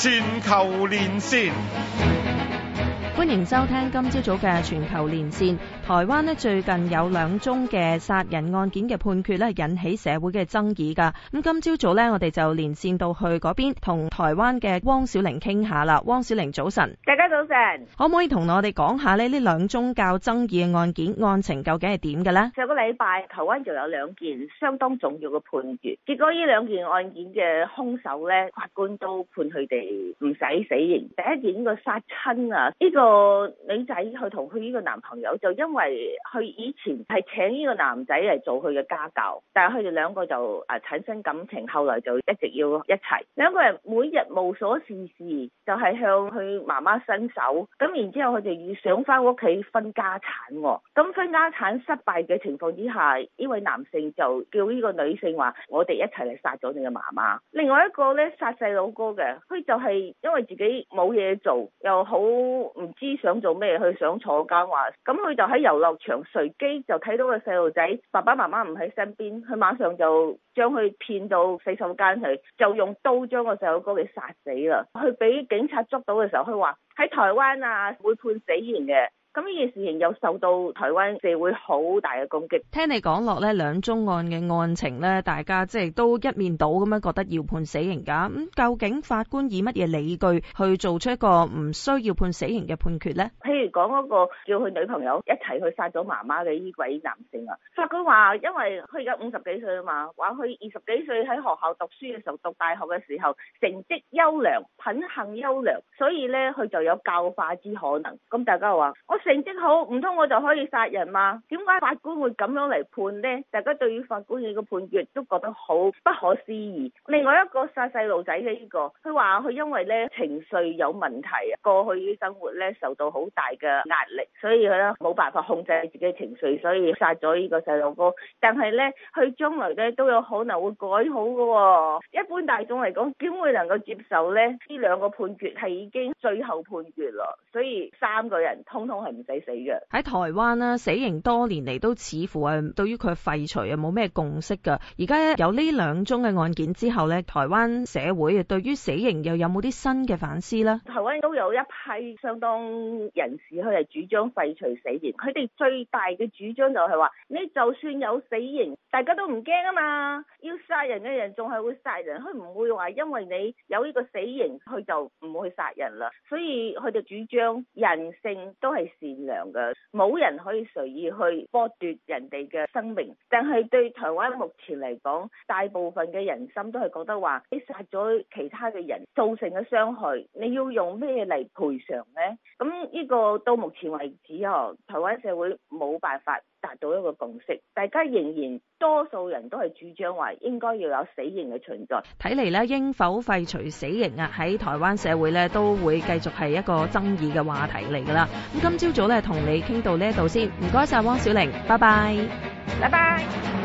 全球連線。歡迎收聽今朝早嘅全球連線。台灣咧最近有兩宗嘅殺人案件嘅判決咧，引起社會嘅爭議噶。咁今朝早早呢，我哋就連線到去嗰邊，同台灣嘅汪小玲傾下啦。汪小玲，早晨。大家早晨。可唔可以同我哋講下呢？呢兩宗較爭議嘅案件案情究竟係點嘅呢？上個禮拜台灣就有兩件相當重要嘅判決，結果呢兩件案件嘅兇手呢，法官都判佢哋唔使死刑。第一件，呢個殺親啊，呢、呢個。個女仔去同佢呢個男朋友，就因為佢以前係請呢個男仔嚟做佢嘅家教，但係佢哋兩個就啊產生感情，後來就一直要一齊。兩個人每日無所事事，就係向佢媽媽伸手。咁然之後佢哋要想翻屋企分家產，咁分家產失敗嘅情況之下，呢位男性就叫呢個女性話：我哋一齊嚟殺咗你嘅媽媽。另外一個咧殺細佬哥嘅，佢就係因為自己冇嘢做，又好唔。知想做咩，佢想坐監話，咁佢就喺遊樂場隨機就睇到個細路仔，爸爸媽媽唔喺身邊，佢馬上就將佢騙到洗手間去，就用刀將個細路哥畀殺死啦。佢俾警察捉到嘅時候，佢話喺台灣啊會判死刑嘅。咁呢件事情又受到台灣社會好大嘅攻擊。聽你講落咧，兩宗案嘅案情咧，大家即係都一面倒咁樣覺得要判死刑㗎。咁、嗯、究竟法官以乜嘢理據去做出一個唔需要判死刑嘅判決咧？譬如講嗰個叫佢女朋友一齊去殺咗媽媽嘅呢位男性啊，法官話因為佢而家五十幾歲啊嘛，話佢二十幾歲喺學校讀書嘅時候，讀大學嘅時候成績優良、品行優良，所以咧佢就有教化之可能。咁大家話我成績好唔通我就可以殺人嘛？點解法官會咁樣嚟判呢？大家對於法官嘅個判決都覺得好不可思議。另外一個殺細路仔嘅呢個，佢話佢因為咧情緒有問題呀，過去啲生活咧受到好大嘅壓力，所以佢咧冇辦法控制自己情緒，所以殺咗呢個細路哥。但係咧，佢將來咧都有可能會改好噶。喎，一般大眾嚟講，點會能夠接受呢？呢兩個判決係已經最後判決咯，所以三個人通通係。唔使死嘅喺台灣咧、啊，死刑多年嚟都似乎係對於佢廢除啊冇咩共識噶。而家有呢兩宗嘅案件之後咧，台灣社會啊對於死刑又有冇啲新嘅反思咧？台灣都有一批相當人士，佢係主張廢除死刑。佢哋最大嘅主張就係話，你就算有死刑，大家都唔驚啊嘛。要殺人嘅人仲係會殺人，佢唔會話因為你有呢個死刑，佢就唔會去殺人啦。所以佢哋主張人性都係。善良嘅，冇人可以隨意去剝奪人哋嘅生命。但係對台灣目前嚟講，大部分嘅人心都係覺得話，你殺咗其他嘅人造成嘅傷害，你要用咩嚟賠償呢？咁呢個到目前為止哦，台灣社會冇辦法達到一個共識，大家仍然多數人都係主張話應該要有死刑嘅存在。睇嚟咧，應否廢除死刑啊？喺台灣社會咧，都會繼續係一個爭議嘅話題嚟噶啦。咁今朝早咧同你傾到呢一度先，唔該晒汪小玲，拜拜，拜拜。